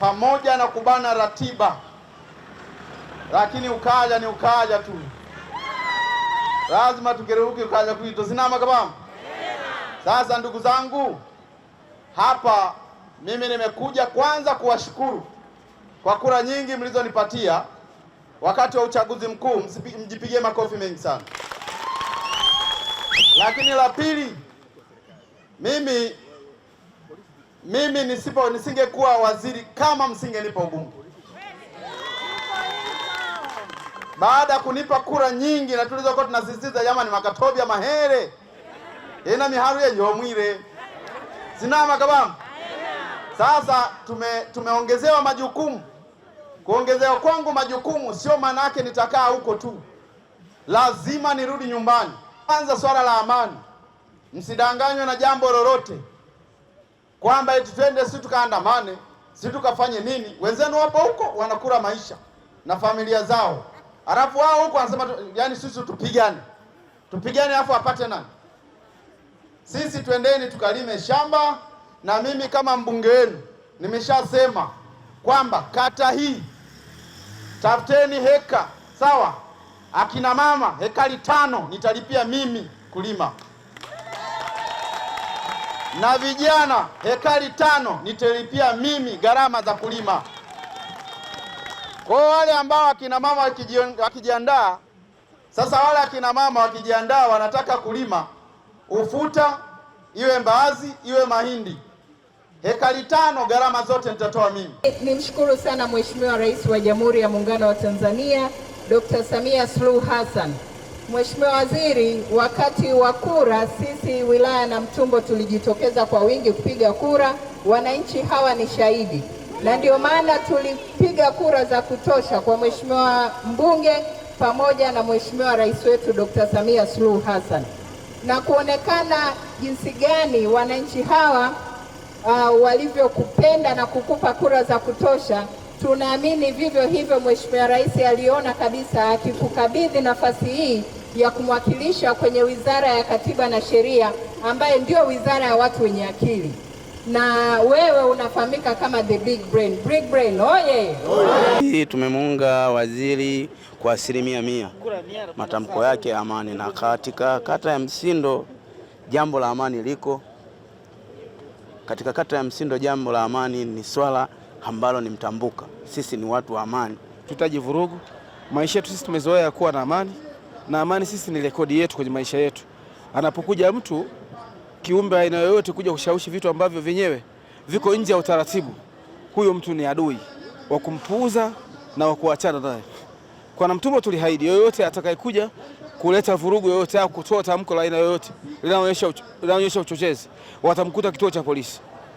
pamoja na kubana ratiba, lakini ukaja ni ukaja tu, lazima tugeruke ukaja kuitozinama kabam. Sasa ndugu zangu, hapa mimi nimekuja kwanza kuwashukuru kwa kura nyingi mlizonipatia wakati wa uchaguzi mkuu, mjipigie makofi mengi sana. Lakini la pili mimi mimi nisipo nisingekuwa waziri kama msingenipa ubunge. Baada ya kunipa kura nyingi na tulizokuwa tunasisitiza, jamani, makatobya mahere ina miharu ya yomwire sinama kabamu. Sasa tume, tumeongezewa majukumu. Kuongezewa kwangu majukumu sio maana yake nitakaa huko tu, lazima nirudi nyumbani. Kwanza swala la amani, msidanganywe na jambo lolote kwamba eti twende si tukaandamane si tukafanye nini. Wenzenu wapo huko wanakula maisha na familia zao, alafu wao huko wanasema yani sisi tupigane tupigane, alafu apate nani? Sisi twendeni tukalime shamba, na mimi kama mbunge wenu nimeshasema kwamba kata hii tafuteni heka sawa, akina mama hekari tano nitalipia mimi kulima na vijana hekari tano nitalipia mimi gharama za kulima. Kwa wale ambao akina mama wakijiandaa sasa, wale akina mama wakijiandaa wanataka kulima ufuta, iwe mbaazi, iwe mahindi, hekari tano, gharama zote nitatoa mimi. Nimshukuru sana Mheshimiwa Rais wa Jamhuri ya Muungano wa Tanzania Dr. Samia Suluhu Hassan. Mheshimiwa Waziri, wakati wa kura sisi wilaya Namtumbo tulijitokeza kwa wingi kupiga kura. Wananchi hawa ni shahidi, na ndio maana tulipiga kura za kutosha kwa Mheshimiwa mbunge pamoja na Mheshimiwa Rais wetu Dr. Samia Suluhu Hassan, na kuonekana jinsi gani wananchi hawa uh, walivyokupenda na kukupa kura za kutosha. Tunaamini vivyo hivyo Mheshimiwa Rais aliona kabisa akikukabidhi nafasi hii ya kumwakilisha kwenye Wizara ya Katiba na Sheria ambaye ndio wizara ya watu wenye akili, na wewe unafahamika kama the big brain. Big brain oye! Hii tumemuunga waziri kwa asilimia mia, matamko yake ya amani, na katika kata ya Msindo jambo la amani liko katika kata ya Msindo, jambo la amani ni swala ambalo ni mtambuka. Sisi ni watu wa amani, tutaji vurugu maisha yetu sisi tumezoea kuwa na amani na amani sisi ni rekodi yetu kwenye maisha yetu. Anapokuja mtu kiumbe aina yoyote kuja kushawishi vitu ambavyo vyenyewe viko nje ya utaratibu, huyo mtu ni adui wa kumpuuza na wa kuachana naye. Kwa Namtumbo tulihaidi yoyote atakayekuja kuleta vurugu yoyote au kutoa tamko la aina yoyote linaonyesha uchochezi, watamkuta kituo cha polisi.